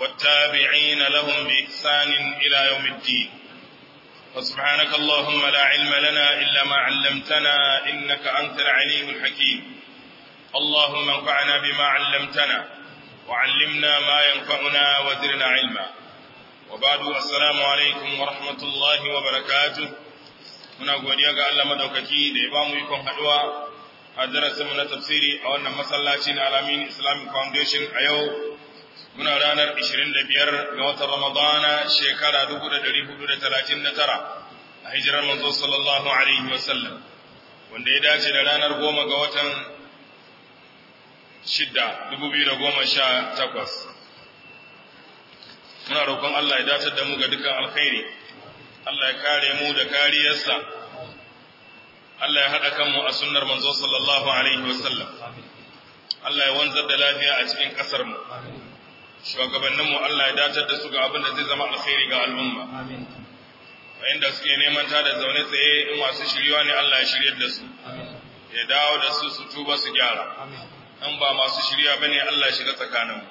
والتابعين لهم بإحسان إلى يوم الدين فسبحانك اللهم لا علم لنا إلا ما علمتنا إنك أنت العليم الحكيم اللهم انفعنا بما علمتنا وعلمنا ما ينفعنا وزرنا علما وبعد السلام عليكم ورحمة الله وبركاته muna godiya ga Allah madaukaki da ya bamu ikon haduwa a darasinmu na tafsiri a wannan masallaci na Alamin Islamic Foundation a yau muna ranar 25 ga watan Ramadana shekara 1439 a hijirar manzo sallallahu alaihi wasallam wanda ya dace da ranar 10 ga watan 6 2018 muna roƙon Allah ya dace da mu ga dukkan alkhairi Allah ya kare mu da kariyarsa Allah ya haɗa kanmu a sunnar manzo sallallahu alaihi wasallam Allah ya wanzar da lafiya a cikin ƙasarmu. mu shugabanninmu Allah ya dace da su ga abin da zai zama alkhairi ga al'umma da suke neman ta da zaune tsaye in masu shiriwa ne Allah ya shiryar da su ya dawo da su su tuba su gyara in ba masu shiriya bane Allah ya shiga tsakaninmu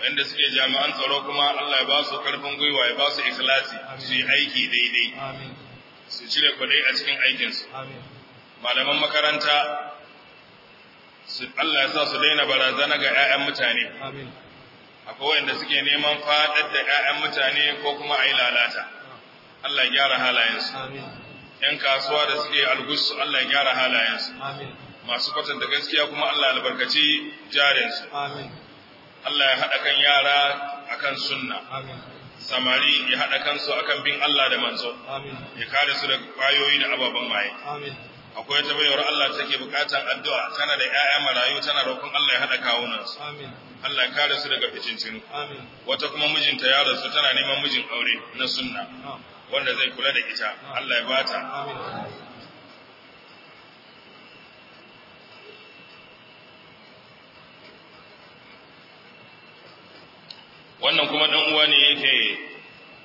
wayanda suke jami'an tsaro kuma Allah ya ba su karfin gwiwa ya ba su ikhlasi su yi aiki daidai su cire kwadai a cikin aikinsu malaman makaranta Allah ya sa su daina barazana ga 'ya'yan mutane akwai wanda suke neman fadar da ƴaƴan mutane ko kuma a yi lalata Allah ya gyara halayensu Yan kasuwa da suke algusu Allah ya gyara halayensu masu kwatanta gaskiya kuma Allah albarkaci jarinsu Allah ya haɗa kan yara a kan sunna samari ya haɗa kansu kan bin Allah da manzo ya kare su da ƙwayoyi da ababen maye akwai ta bayar Allah take bukatan addu'a tana da ƴaƴa marayu tana roƙon Allah ya haɗa kawunansu Allah ya kare su daga fitintinu wata kuma mijinta ya rasu tana neman mijin aure na sunna wanda zai kula da ita Allah ya bata wannan kuma ɗan uwa ne yake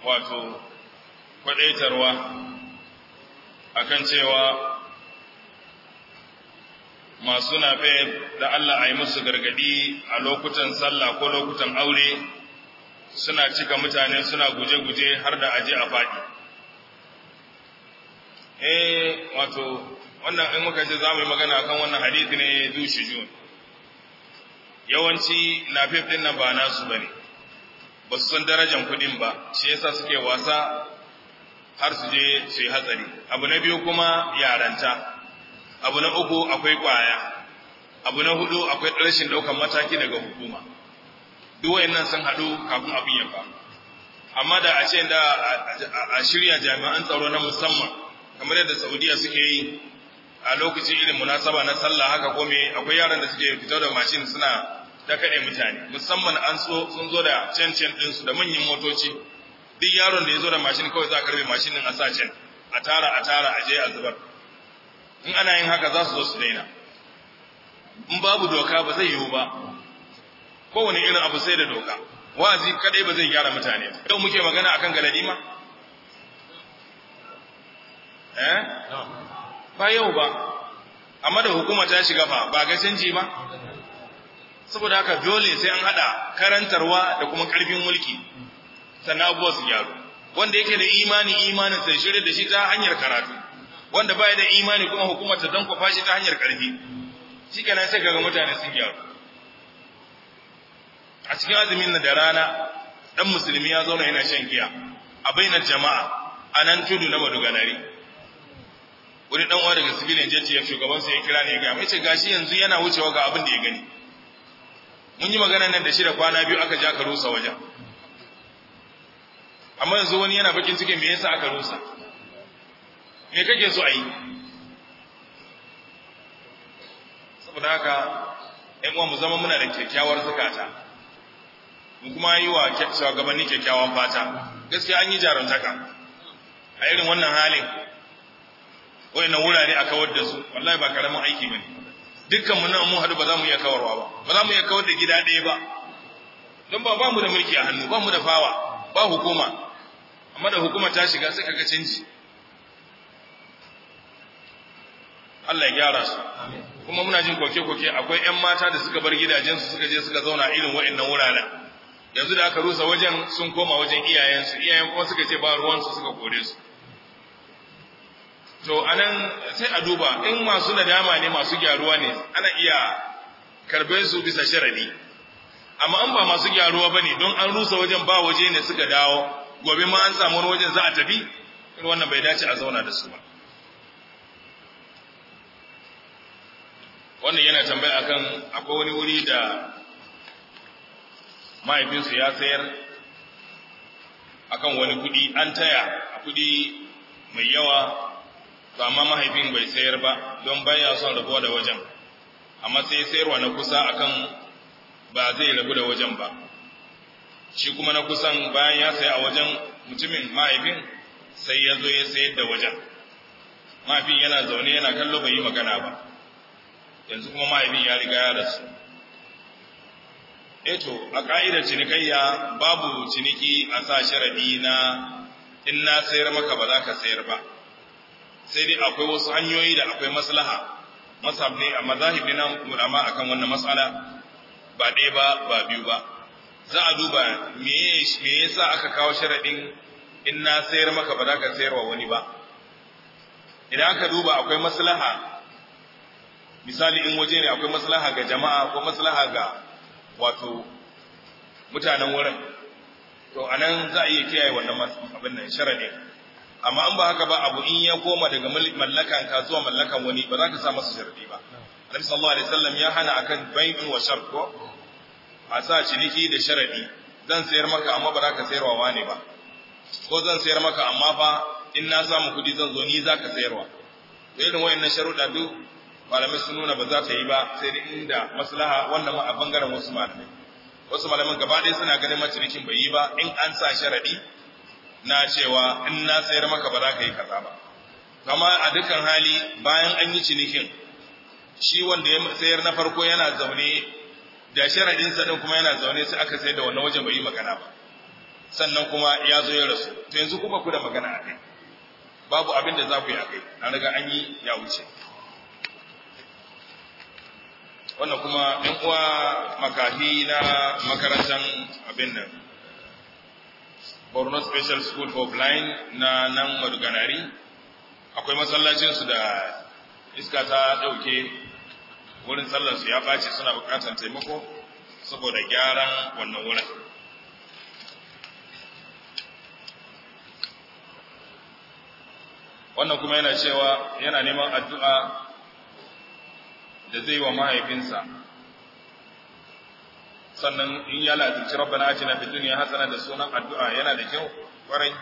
wato kwadaitarwa akan cewa masu nafe da Allah a yi musu gargadi a lokutan sallah ko lokutan aure suna cika mutane suna guje-guje har da aje a faɗi. Eh wato wannan in muka ce za mu yi magana kan wannan hadithi ne dushi jun yawanci nafif din nan ba nasu ne, ba su san darajan kuɗin ba shi yasa suke wasa har su je su yi hatsari abu na biyu kuma yaranta abu na uku akwai kwaya abu na hudu akwai rashin daukan mataki daga hukuma duk wayannan sun hadu kafin abin ya faru amma da a ce da a shirya jami'an tsaro na musamman kamar yadda Saudiya suke yi a lokacin irin munasaba na sallah haka ko me akwai yaran da suke fitar da mashin suna dakaɗe mutane musamman an so sun zo da cancan ɗinsu da manyan motoci duk yaron da ya zo da mashin kawai za a karbe mashin ɗin a sa can a tara a tara a je a zubar in ana yin haka za su zo su daina in babu doka ba zai yiwu ba kowane irin abu sai da doka wazi kadai ba zai gyara mutane yau muke magana akan galadima eh ba yau ba amma da hukuma ta shiga fa ba ga canji ba saboda haka dole sai an hada karantarwa da kuma karfin mulki sannan abuwa su gyaru wanda yake da imani imanin sai shirya da shi ta hanyar karatu wanda baya da imani kuma hukumar ta danko fashi ta hanyar karfi shikenan sai kaga mutane sun gyaru a cikin azumin na da rana dan musulmi ya zauna yana shan giya a bainar jama'a a nan tudu na maduganari wani dan uwa daga sibilin jeji ya shugaban sa ya kira ne ga mai ce gashi yanzu yana wucewa ga abin da ya gani mun yi magana nan da shi da kwana biyu aka ja ka rusa wajen amma yanzu wani yana bakin cikin me yasa aka rusa me kake so a yi saboda haka ‘yan uwa mu zama muna da kyakkyawar zukata mu kuma yi wa shugabanni kyakkyawan fata gaskiya an yi jarumtaka a irin wannan halin na wurare a kawar da su wallahi ba karamin aiki ne. dukkan mu nan mun hadu ba za mu iya kawarwa ba ba za mu iya kawar da gida ɗaya ba don ba ba mu da mulki a hannu ba mu da fawa ba hukuma amma da hukuma ta shiga sai kaga canji Allah ya gyara su kuma muna jin koke-koke akwai 'yan mata da suka bar su suka je suka zauna irin wa'annan wuraren yanzu da aka rusa wajen sun koma wajen iyayensu iyayen kuma suka ce ba ruwansu suka kore su to anan sai a duba in masu nadama ne masu gyaruwa ne ana iya karbe su bisa sharadi amma an ba masu gyaruwa bane don an rusa wajen ba waje ne suka dawo gobe ma an samu wajen za a tafi wannan bai dace a zauna da su ba wannan yana tambaya akan akwai wani wuri da mahaifinsu ya sayar akan wani kudi an taya a kudi mai yawa to amma mahaifin bai sayar ba don baya son rabuwa da wajen amma sai sayarwa na kusa akan ba zai rabu da wajen ba shi kuma na kusan bayan ya saya a wajen mutumin mahaifin sai ya zo ya sayar da wajen mahaifin yana zaune yana kallo bai yi magana ba yanzu kuma mahaifin ya riga ya rasu eto eh a ka'idar cinikayya babu ciniki a sa sharadi na in na sayar maka ba za ka sayar ba sai dai akwai wasu hanyoyi da akwai maslaha masab ne amma na murama akan wannan matsala ba ɗaya ba ba biyu ba za a duba me yasa aka kawo sharadin in na sayar maka ba za ka sayar wa wani ba idan aka duba akwai maslaha misali in waje ne akwai maslaha ga jama'a ko maslaha ga wato mutanen wurin to anan za a iya kiyaye wannan abin nan ne amma an ba haka ba abu in ya koma daga mallakan ka zuwa mallakan wani ba za ka sa masa sharadi ba Annabi sallallahu alaihi wasallam ya hana akan bai'un wa shart ko a sa ciniki da sharadi zan sayar maka amma ba za ka sayarwa wane ba ko zan sayar maka amma fa in na samu kuɗi zan zo ni za ka sayarwa irin wayannan sharuɗa duk malamai sun nuna ba za ta yi ba sai dai inda maslaha wannan ma a bangaren wasu malamai wasu malamai gaba ɗaya suna ganin macirikin bai yi ba in an sa sharaɗi. na cewa in na sayar maka ba za ka yi kaza ba kama a dukkan hali bayan an yi cinikin shi wanda ya sayar na farko yana zaune da sharaɗin sa kuma yana zaune sai aka sayar da wannan wajen bai yi magana ba sannan kuma ya zo ya rasu to yanzu kuma ku da magana a kai babu abin da za ku yi a kai an riga an yi ya wuce wannan kuma ɗan uwa makafi na makarantar abin nan borno special school for blind na nan maduganari akwai masallacinsu da iska ta ɗauke wurin sallarsu ya ɓace suna buƙatar taimako saboda gyaran wannan wurin wannan kuma yana cewa yana neman addu'a da zai wa mahaifinsa sannan in ya lalace rabbana na fid duniya hasana da sunan addu'a yana da kyau kwarai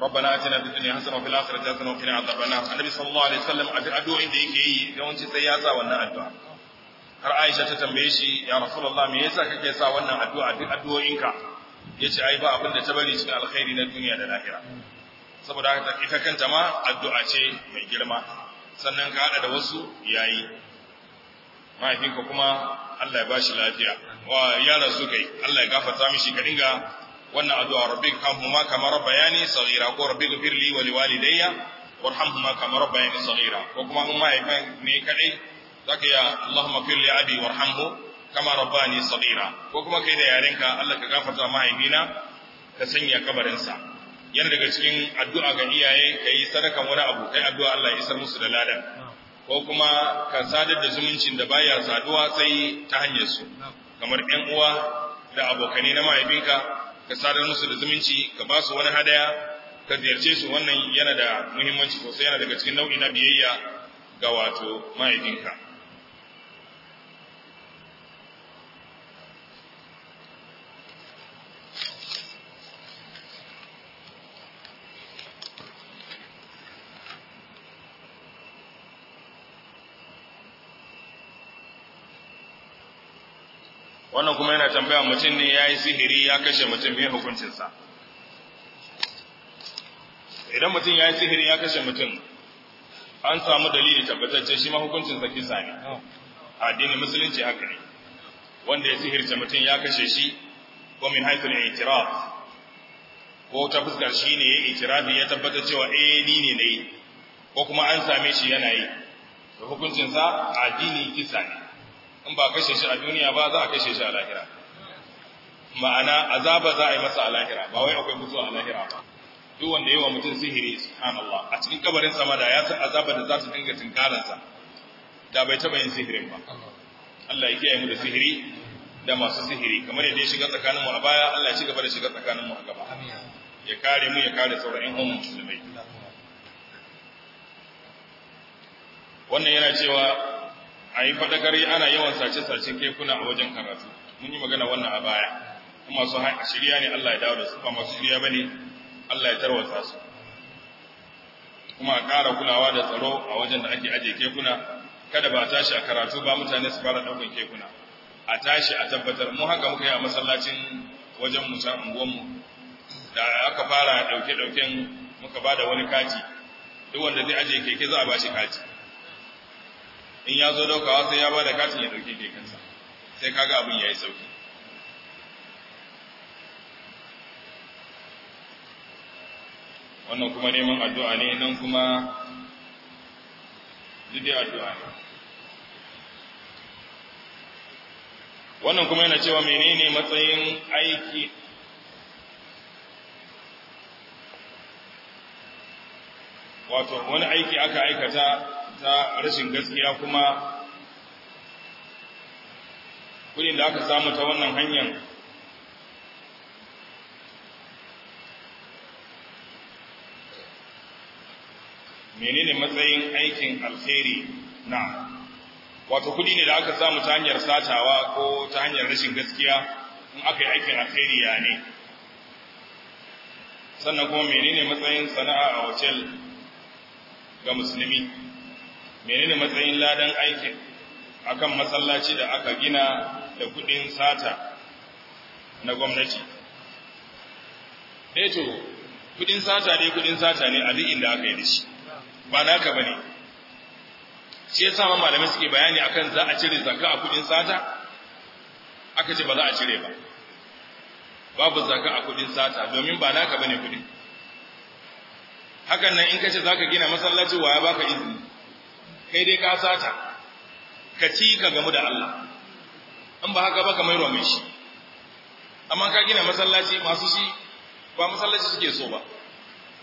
ربنا اتنا في الدنيا حسنه وفي الاخره حسنه وقنا عذاب النار النبي صلى الله عليه وسلم a addu'o'in da yake yi yawanci sai ya sa wannan addu'a har Aisha ta tambaye shi ya Rasulullah me yasa kake sa wannan addu'a duk addu'o'inka yace ai ba abin da ta bari cikin alkhairi na duniya da lahira saboda haka ita kanta ma addu'a ce mai girma sannan ka haɗa da wasu yayi mahaifinka kuma Allah ya bashi lafiya wa yara su kai Allah ya gafarta mishi ka dinga wannan addu'a rabbika hamhuma kama rabbayani saghira ko rabbika firli wa liwalidayya warhamhuma kama rabbayani saghira ko kuma mun mahaifin ne kadai zaka ya Allahumma firli abi warhamhu kama rabbani saghira ko kuma kai da yarenka Allah ka gafarta mahaifina ka sanya kabarinsa yana daga cikin addu'a ga iyaye ka yi sadakan wani abu kai addu'a Allah ya isar musu da lada, ko kuma ka sadar da zumuncin da baya saduwa sai ta hanyar su kamar ɗan uwa da abokane na mahaifinka ka sadar musu da zumunci ka ba su wani hadaya ka ziyarce su wannan yana da muhimmanci sosai yana daga cikin nau'i na biyayya ga wato mahaifinka wannan kuma yana tambaya mutum ne ya yi sihiri ya kashe mutum mai hukuncinsa idan mutum ya yi sihiri ya kashe mutum an samu dalili tabbatacce shi ma hukuncinsa kisa ne oh. addinin musulunci haka ne wanda ya sihirce mutum ya kashe shi ko min haifin itiraf ko ta fuskar shi ne ya itirafi ya tabbata cewa eh ni ne na yi ko kuma an same shi yana yi da hukuncinsa addini kisa ne in ba kashe shi a duniya ba za a kashe shi a lahira ma'ana azaba za a yi masa a lahira ba wai akwai mutuwa a lahira ba duk wanda yi wa mutum sihiri subhanallah a cikin kabarin sama da ya san azaba da za su dinga tunkaransa da bai taba yin sihirin ba Allah ya kiyaye mu da sihiri da masu sihiri kamar yadda ya shiga tsakanin mu a baya Allah ya ci gaba da shiga mu a gaba ya kare mu ya kare sauran ƴan musulmai wannan yana cewa a yi fadagari ana yawan sace-sace kekuna a wajen karatu mun yi magana wannan a baya Kuma masu shirya ne Allah ya dawo da su ba masu shirya ba Allah ya tarwata su kuma a ƙara kulawa da tsaro a wajen da ake ajiye kekuna kada ba a tashi a karatu ba mutane su fara ɗaukan kekuna a tashi a tabbatar mu haka muka yi a masallacin wajen mu can unguwanmu da aka fara ɗauke-ɗauken muka ba da wani kati duk wanda zai ajiye keke za a ba shi kati in ya zo dokawa sai ya bada katin ya dauke ke kansa sai kaga abin ya yi sauki wannan kuma neman addu'a ne nan kuma zide addu'a ne wannan kuma yana cewa menene matsayin aiki wato wani aiki aka aikata ta rashin gaskiya kuma kudin da aka samu ta wannan hanyar menene matsayin aikin alheri na wato kudi ne da aka samu ta hanyar satawa ko ta hanyar rashin gaskiya in aka yi aikin alheri ya ne sannan kuma menene matsayin sana'a a hotel ga musulmi menene matsayin ladan aikin akan masallaci da aka gina da kudin sata na gwamnati eh to kudin sata ne kudin sata ne a duk inda aka yi da shi ba naka bane shi yasa ma malamai suke bayani akan za a cire zakka a kudin sata aka ce ba za a cire ba babu zakka a kudin sata domin ba naka bane kudin hakan nan in kace zaka gina masallaci waya baka izini kai dai ka sata ka ci ka gamu da Allah in ba haka ba ka mai mai shi amma ka gina masallaci masu shi ba masallaci suke so ba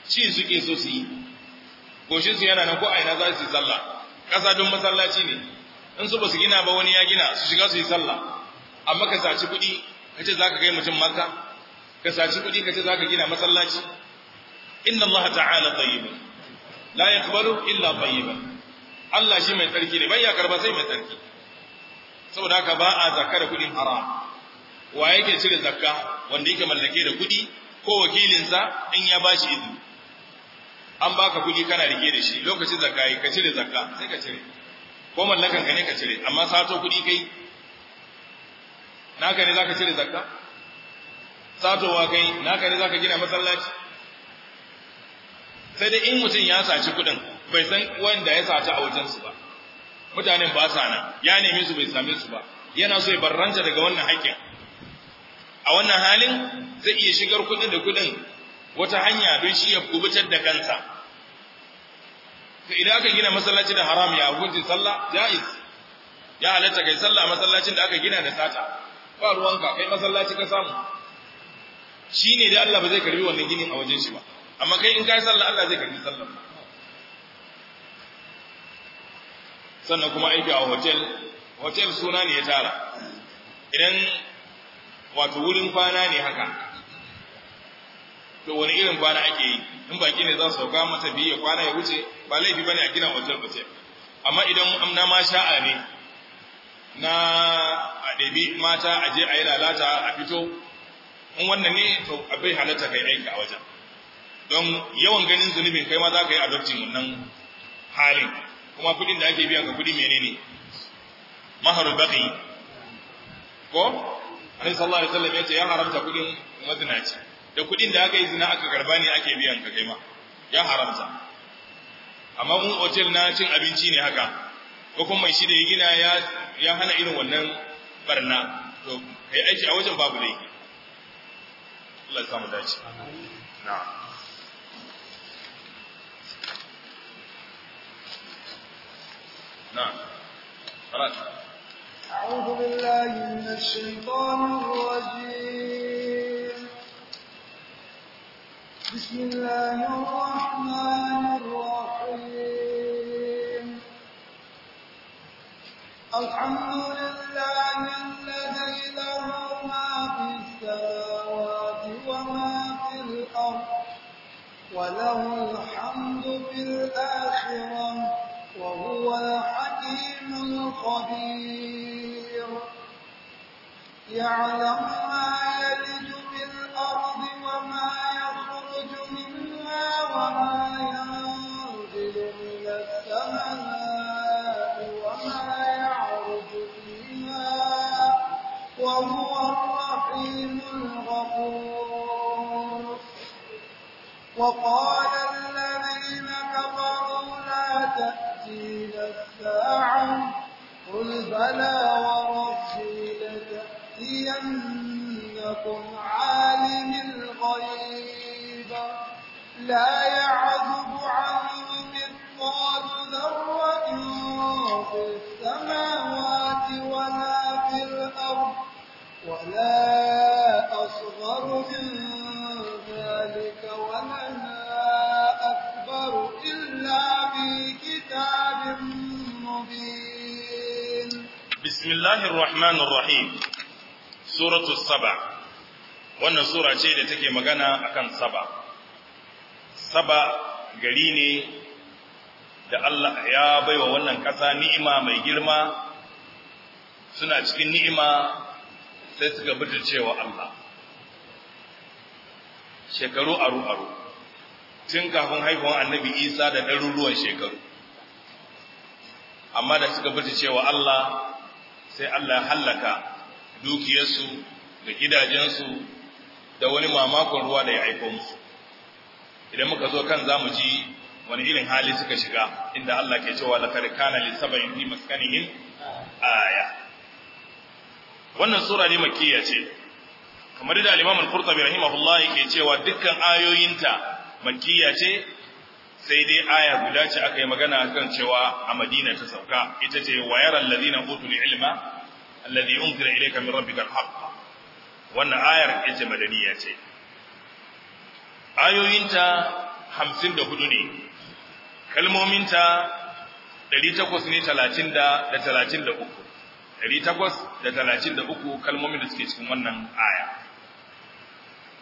ci suke so su yi goshin su yana nan ko aina za su yi sallah ƙasa don masallaci ne in su ba su gina ba wani ya gina su shiga su yi sallah amma ka saci kuɗi ka ce za ka kai mutum maka, ka saci kuɗi ka ce za ka gina masallaci inna Allah ta'ala tayyibun la yaqbalu illa tayyiban Allah shi mai tsarki ne bai ya karba sai mai tsarki saboda haka ba a zakka da kudin haram wa yake cire zakka wanda yake mallake da kudi ko wakilinsa in ya bashi izini an baka kudi kana rike da shi lokacin zakka yi ka cire zakka sai ka cire ko mallakan ka ne ka cire amma sato kudi kai naka ne zaka cire zakka satowa kai naka ne zaka gina masallaci sai dai in mutum ya saci kudin bai san wanda ya sata a wajensu ba mutanen ba sa nan ya neme su bai same su ba yana so ya barranta daga wannan haƙƙin a wannan halin zai iya shigar kuɗin da kuɗin wata hanya don shi ya kubutar da kansa idan aka gina masallaci da haram ya hukunci sallah jaiz ya halatta kai sallah masallacin da aka gina da sata ba ruwanka kai masallaci ka samu shine da Allah ba zai karbi wannan ginin a wajen shi ba amma kai in kai sallah Allah zai karbi sallah sannan kuma aiki a hotel hotel suna ne ya tara idan wato wurin kwana ne haka to wani irin kwana ake yi in baki ne za su sauka masa biyu ya kwana ya wuce ba laifi ba ne a gina hotel hotel amma idan amna ma sha'a ne na a ɗabi mata a je a yi lalata a fito in wannan ne to abai halatta kai aiki a wajen don yawan ganin zunubin kai ma za ka yi adoptin wannan halin kuma kudin da ake biya ga kudi menene maharul baqi ko Annabi sallallahu alaihi wasallam ce ya haramta kudin mazinaci da kudin da aka yi zina aka karba ne ake biyan ka kai ma ya haramta amma mun hotel na cin abinci ne haka ko kuma mai shi da ya gina ya ya hana irin wannan barna to kai aiki a wajen babu laifi Allah ya samu dace na'am نعم خلاص أعوذ بالله من الشيطان الرجيم بسم الله الرحمن الرحيم الحمد لله الذي له ما في السماوات وما في الأرض وله الحمد في الآخرة وهو الحكيم الخبير يعلم ما يلج في الأرض وما يخرج منها وما ينزل من السماء وما يعرج فيها وهو الرحيم الغفور وقال قل بلى وربي لتأتينكم عالم الغيب لا يعلم bismillahir rahmanir rahim suratu saba wannan sura ce da take magana akan saba saba gari ne da Allah ya baiwa wannan ƙasa ni'ima mai girma suna cikin ni'ima sai suka cewa Allah shekaru aru-aru tun kafin haihuwan annabi isa da ɗaruruwan shekaru amma da suka cewa Allah sai Allah ya hallaka dukiyarsu da gidajensu da wani mamakon ruwa da ya aiko musu idan muka zo kan zamu ji wani irin hali suka shiga inda Allah ke cewa kare kana li sab'in fi maskanihim aya wannan sura ne makkiya ce kamar da al-Imam al-Qurtubi rahimahullah yake cewa dukkan ayoyinta makiyya ce sai dai aya guda ce aka yi magana kan cewa a Madina ta sauka ita ce wa ladina allazina utul ilma alladhi unzila ilayka min rabbika alhaq wannan ayar ita madaniya ce ayoyinta 54 ne kalmominta 800 ne 30 da 33 833 kalmomin da suke cikin wannan aya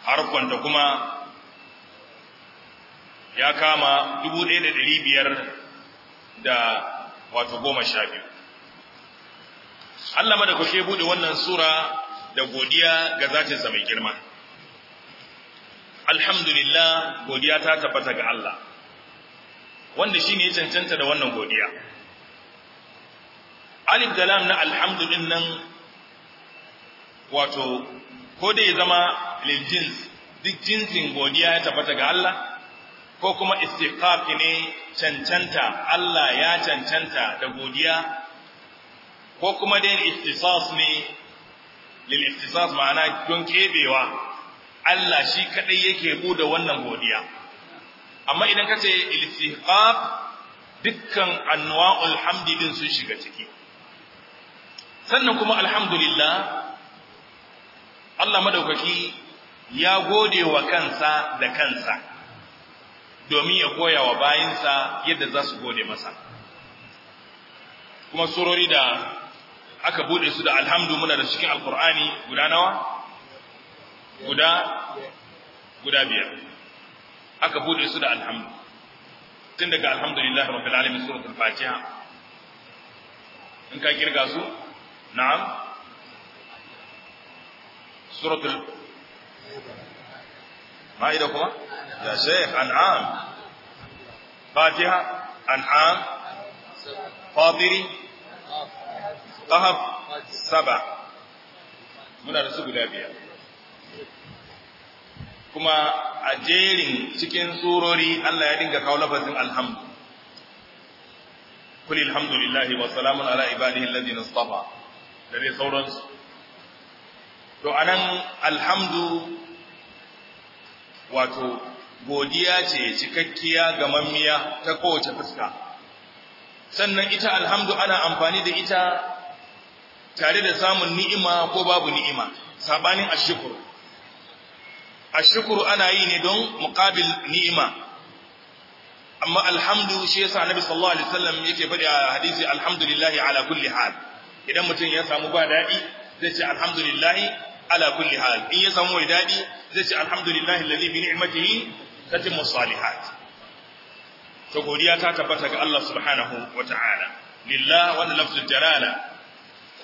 harfanta kuma ya kama dubu ɗaya da ɗari biyar da wato goma sha biyu Allah mada kushe buɗe wannan sura da godiya ga zatinsa mai girma alhamdulillah godiya ta tabbata ga Allah wanda shi ne ya cancanta da wannan godiya alif da lam na alhamdulillah nan wato ko da ya zama liljins duk jinsin godiya ya tabbata ga Allah ko kuma istiqaqi ne cancanta Allah ya cancanta da godiya ko kuma dai istisas ne lil istisas ma'ana don kebewa Allah shi kadai yake bude wannan godiya amma idan ka ce istiqaf dukkan anwa'ul hamdi din sun shiga ciki sannan kuma alhamdulillah Allah madaukaki ya gode wa kansa da kansa domin ya koya wa bayinsa yadda za su gode masa kuma surori da aka bude su da alhamdu muna da cikin alkur'ani guda nawa guda guda biyar aka bude su da alhamdu tun daga alhamdulillah rabbil alamin suratul fatiha in ka kirga su na'am suratul ma'ida kuma ya sheikh an'am fatiha an'am fadiri qahab saba muna da su guda biyar kuma a jerin cikin surori Allah ya dinga kawo lafazin alhamdu kul alhamdulillahi wa salamun ala ibadihi alladhina da sauransu to anan alhamdu wato godiya ce cikakkiya ga mammiya ta kowace fuska sannan ita alhamdu ana amfani da ita tare da samun ni'ima ko babu ni'ima sabanin ashkuru ashkuru ana yi ne don muƙabil ni'ima amma alhamdu shi yasa annabi sallallahu alaihi wasallam yake faɗi a hadisi alhamdulillahi ala kulli hal idan mutum ya samu ba daɗi zai ce alhamdulillahi ala kulli hal in ya samu mai daɗi, zai ce alhamdulillahi alladhi bi ni'matihi tatimmu salihat to godiya ta tabbata ga Allah subhanahu wata'ala lillah wannan lafzul jalala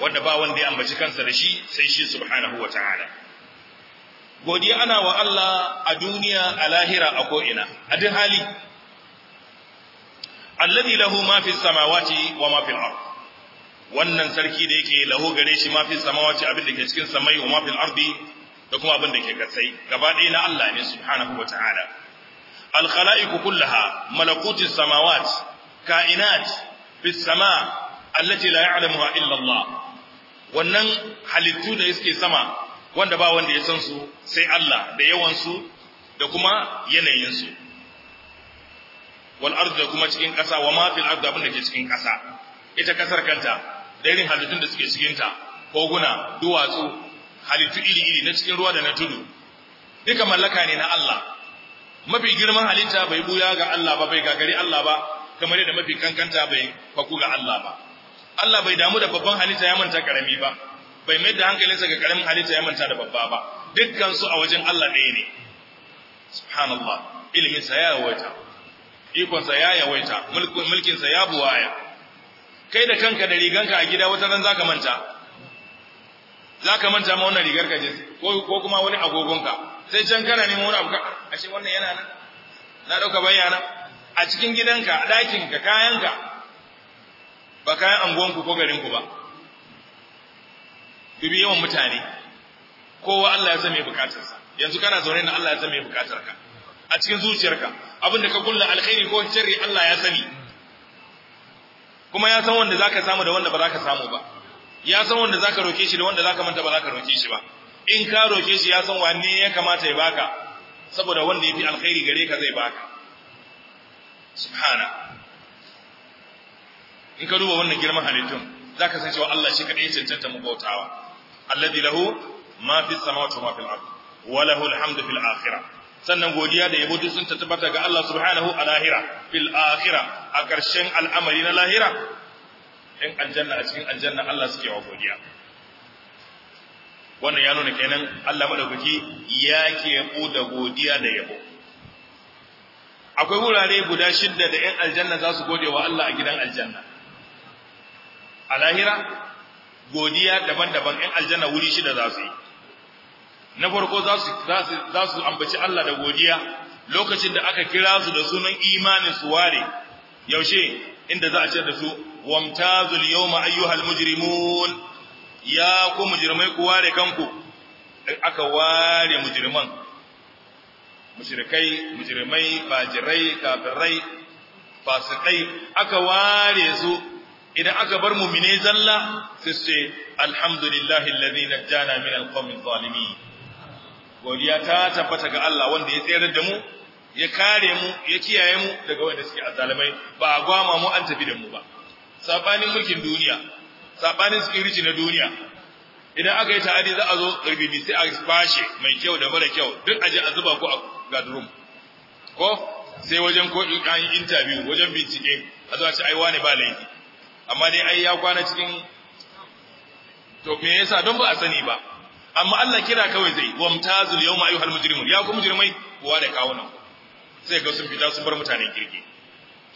wanda ba wanda ya ambaci kansa da shi sai shi subhanahu wata'ala godiya ana wa Allah a duniya a lahira a ko'ina a duk hali alladhi lahu ma fi samawati wa ma fil ardh wannan sarki da yake laho gare shi ma fi samawati abin da ke cikin samai wa ma ardi da kuma abin da ke kasai gaba ɗaya na Allah ne subhanahu wa ta'ala al kullaha malakutis samawat kainat fis sama allati la ya'lamuha illa Allah wannan halittu da suke sama wanda ba wanda ya san su sai Allah da yawan su da kuma yanayin su wal ardi kuma cikin ƙasa wa ma fil ardi abin da ke cikin ƙasa ita kasar kanta da irin halittun da suke cikinta koguna duwatsu halittu iri-iri na cikin ruwa da na tudu duka mallaka ne na Allah mafi girman halitta bai buya ga Allah ba bai gagari Allah ba kamar yadda mafi kankanta bai faku ga Allah ba Allah bai damu da babban halitta ya manta karami ba bai mai da hankalinsa ga karamin halitta ya manta da babba ba dukkan su a wajen Allah ɗaya ne subhanallah ilimin sa ya yawaita ikon sa ya yawaita mulkin sa ya buwaya kai da kanka da riganka a gida wata ran zaka manta zaka manta ma wannan rigar ka je ko kuma wani agogonka sai can kana neman wani abu ka ashe wannan yana nan na dauka bayyana a cikin gidanka a ɗakinka kayanka ba kayan ku ko garinku ba Bi yawan mutane kowa Allah ya san me bukatarsa yanzu kana zaune na Allah ya san me bukatarka a cikin zuciyarka abinda ka kulla alkhairi ko sharri Allah ya sani kuma ya san wanda zaka samu da wanda ba zaka samu ba ya san wanda zaka roke shi da wanda zaka manta ba zaka roke shi ba in ka roke shi ya san wanne ya kamata ya baka saboda wanda yafi alkhairi gare ka zai baka subhana in ka duba wannan girman halittun zaka san cewa Allah shi kadai ya cancanta mu bautawa alladhi lahu ma fis samawati wa ma fil ardi wa lahu alhamdu fil akhirah sannan godiya da yabo sun tabbata ga Allah subhanahu a lahira fil akhira a ƙarshen al'amari na lahira in aljanna a cikin aljanna Allah suke wa godiya wannan ya nuna kenan Allah madaukaki ya ke da godiya da yabo akwai wurare guda shidda da ‘yan aljanna za su gode wa Allah a gidan aljanna. A lahira, godiya daban-daban ‘yan aljanna wuri shida za su yi. na farko za su za su ambaci Allah da godiya lokacin da aka kira su da sunan imanin su ware yaushe inda za a ce da su wamtazul yawma ayyuhal mujrimun ya ku mujrimai ku ware kanku aka ware mujriman mushrikai mujrimai fajirai kafirai fasikai aka ware su idan aka bar mu'mine zalla sai su ce alhamdulillahi alladhi najjana min alqawmi zalimin godiya ta tabbata ga Allah wanda ya tsere da mu ya kare mu ya kiyaye mu daga wanda suke azalimai ba a gwama mu an tafi da mu ba sabanin mulkin duniya sabanin security na duniya idan aka yi ta'adi za a zo bi sai a fashe mai kyau da mara kyau duk aje a zuba ku a gadrum ko sai wajen ko an yi interview wajen bincike a zuwa ce ai wane ba laifi amma dai ai ya kwana cikin to me yasa don ba a sani ba amma Allah kira kawai zai wamtazul ma ayyuhal mujrimun ya ku mujrimai kuwa da nan sai ga sun fita sun bar mutane kirki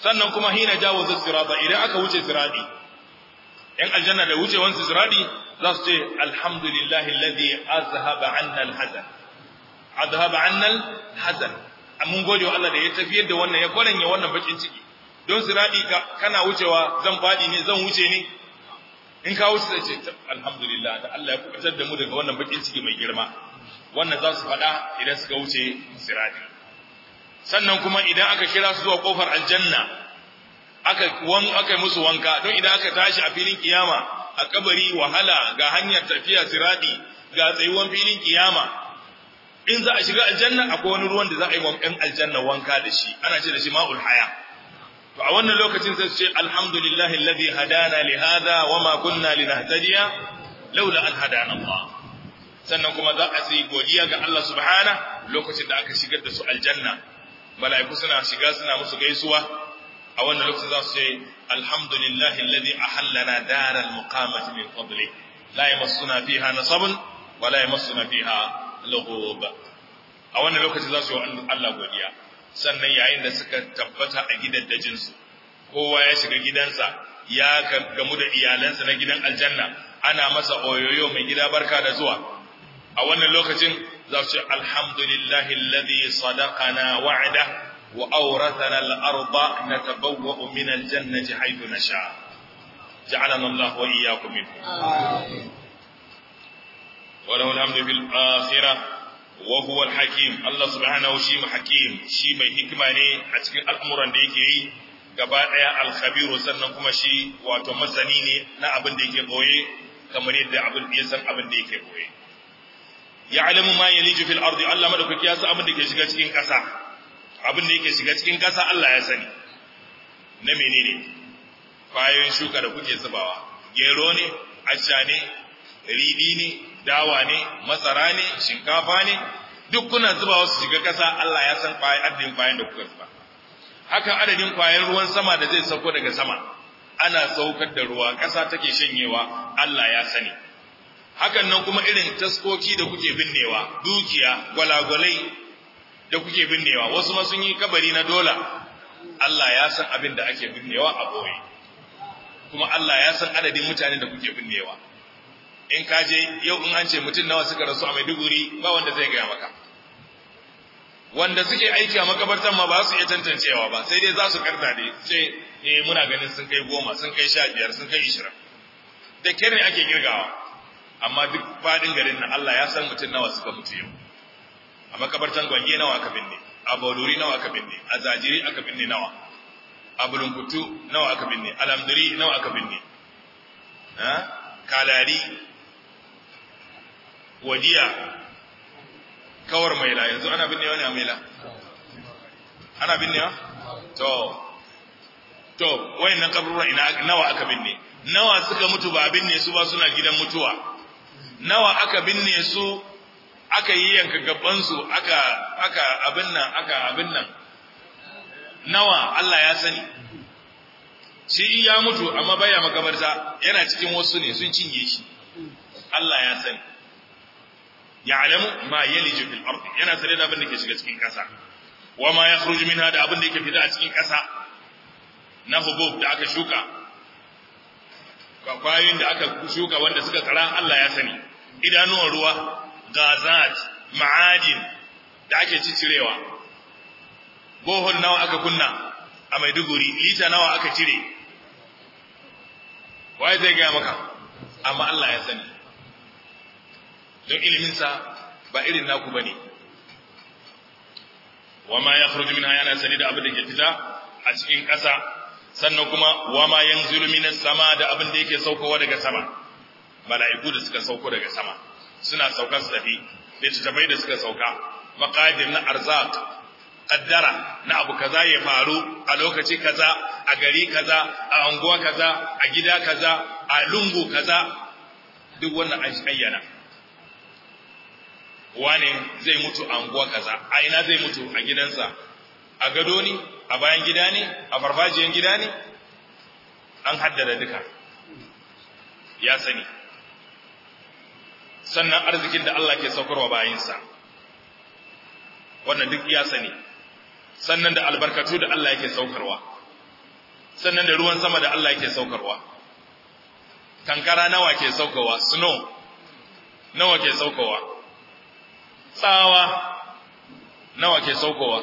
sannan kuma hina jawaza sirata idan aka wuce sirati yan aljanna da wucewan su sirati za su ce alhamdulillahi alladhi azhaba anna alhazan azhaba anna alhazan mun gode wa Allah da ya tafiyar da wannan ya kwaranya wannan bakin ciki don sirati kana wucewa zan fadi ne zan wuce ne in ka wuce sai ce alhamdulillah da Allah ya kubutar da mu daga wannan bakin ciki mai girma wannan za su faɗa idan suka wuce sirati sannan kuma idan aka kira su zuwa kofar aljanna aka wan aka musu wanka don idan aka tashi a filin kiyama a kabari wahala ga hanyar tafiya sirati ga tsayuwan filin kiyama in za a shiga aljanna akwai wani ruwan da za a yi wa ɗan aljanna wanka da shi ana ce da shi ma'ul haya a wannan lokacin sai su ce alhamdulillahi alladhi hadana li hadha wama kunna linahtadiya laula an hadana Allah sannan kuma za a yi godiya ga Allah subhana lokacin da aka shigar da su aljanna mala'iku suna shiga suna musu gaisuwa a wannan lokacin za su ce alhamdulillahi alladhi ahallana daral muqamati min fadli la yamassuna fiha nasabun wa la yamassuna fiha lughub a wannan lokacin za su yi Allah godiya sannan yayin da suka tabbata a dajinsu. kowa ya shiga gidansa ya gamu da iyalansa na gidan aljanna ana masa oyoyo mai gida barka da zuwa a wannan lokacin za su ce alhamdulillahi alladhi sadaqana wa'ada wa awrathana al-arda natabawwa'u min al-jannati haythu nasha ja'alana Allah wa iyyakum minhu wa lahu al-hamdu akhirah وهو الحكيم الله hakim Allah subhanahu shi hakim shi mai hikima ne a cikin al'amuran da yake yi gaba daya al-khabiru sannan kuma shi wato masani ne na abin da yake boye kamar yadda abin ya san abin da yake boye ya'lamu ma yaliju fil ardi Allah madaukaki ya san abin da ke shiga cikin kasa abin da yake shiga cikin kasa Allah ya sani na menene bayan shuka da kuke zubawa gero ne acca ne ridi ne dawa ne masara ne shinkafa ne duk kuna zuba su shiga ƙasa Allah ya san adadin kwayan da kuka zuba haka adadin kwayan ruwan sama da zai sauko daga sama ana saukar da ruwa ƙasa take shanyewa Allah ya sani hakan nan kuma irin taskoki da kuke binnewa dukiya gwalagwalai da kuke binnewa wasu ma sun yi kabari na dola Allah ya san abin da ake binnewa a boye kuma Allah ya san adadin mutanen da kuke binnewa in ka je yau in an ce mutum nawa suka rasu a Maiduguri ba wanda zai gaya maka wanda suke aiki a makabartan ma ba su iya tantancewa ba sai dai za su karta dai sai eh muna ganin sun kai goma sun kai sha biyar sun kai ishirin da kyar ne ake girgawa amma duk fadin garin nan Allah ya san mutum nawa suka mutu yau a makabartan gwange nawa aka binne a bauduri nawa aka binne a zajiri aka binne nawa a bulunkutu nawa aka binne alamduri nawa aka binne kalari wadiya kawar maila yanzu ana binne wani a maila ana binne wa to to wayannan kaburura ina nawa aka binne nawa suka mutu ba binne su ba suna gidan mutuwa nawa aka binne su aka yi yanka gaban su aka aka abin nan aka abin nan nawa Allah ya sani shi ya mutu amma baya makabarta yana cikin wasu ne sun cinye shi Allah ya sani ya'lamu ma yaliju fil ard yana sane da abin da ke shiga cikin kasa wa ma yakhruju minha da abin da yake fita a cikin kasa na hubub da aka shuka kwayoyin da aka shuka wanda suka tsara Allah ya sani idanuwan ruwa gazat ma'adin da ake cicirewa bohol nawa aka kunna a Maiduguri lita nawa aka cire waye zai ga maka amma Allah ya sani don iliminsa ba irin naku bane wama yakhruju minha yana sani da abin da ke fita a cikin ƙasa sannan kuma wama yanzilu minas sama da abin da yake saukowa daga sama mala'iku da suka sauko daga sama suna saukar su tafi littattafai da suka sauka maqadir na arzaq kaddara na abu kaza ya faru a lokaci kaza a gari kaza a anguwa kaza a gida kaza a lungu kaza duk wannan an ayyana wane zai mutu a anguwa kaza a ina zai mutu a gidansa a gado ne a bayan gida ne a farfajiyar gida ne an haddada duka ya sani sannan arzikin da Allah ke saukarwa bayansa wannan duk ya sani sannan da albarkatu da Allah yake saukarwa sannan da ruwan sama da Allah yake saukarwa kankara nawa ke saukawa, snow nawa ke saukawa? tsawa nawa ke saukowa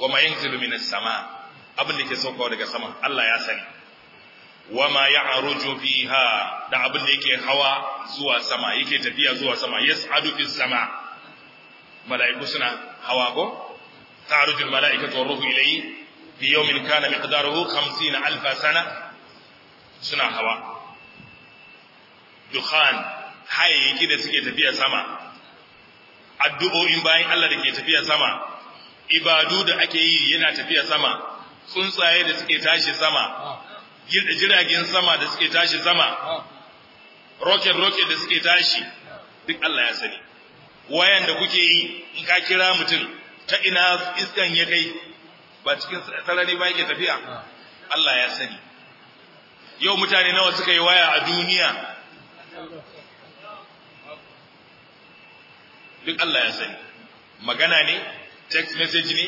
wa ma yanzilu minas sama abin da ke saukowa daga sama Allah ya sani wa ma ya'ruju fiha da abin da yake hawa zuwa sama yake tafiya zuwa sama yas'adu fis sama mala'iku suna hawa ko ta'ruju al mala'ikatu ruhu ilayhi fi yawmin kana miqdaruhu 50000 sana suna hawa dukhan hayayyaki da suke tafiya sama addu'o'in bayan Allah da ke tafiya sama ibadu da ake yi yana tafiya sama tsuntsaye da suke tashi sama jiragen sama da suke tashi sama rocket rocket da suke tashi duk Allah ya sani wayan da kuke yi in ka kira mutum ta ina iskan ya kai ba cikin sarari ba yake tafiya Allah ya sani yau mutane nawa suka yi waya a duniya duk Allah ya sani magana ne text message ne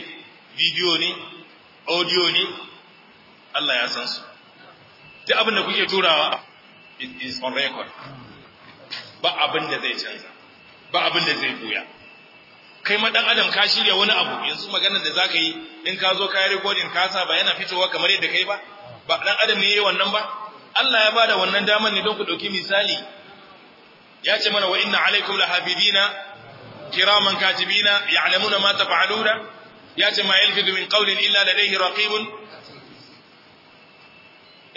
video ne audio ne Allah ya san su duk abin da kuke turawa it is on record ba abin da zai canza ba abin da zai buya kai ma dan adam ka shirya wani abu yanzu maganar da zaka yi in ka zo ka yi recording ka sa ba yana fitowa kamar yadda kai ba ba dan adam ne yayi wannan ba Allah ya bada wannan damar ne don ku dauki misali ya ce mana wa inna alaikum lahafidina كراما كاتبين يعلمون ما تفعلون يا ما يلفظ من قول الا لديه رقيب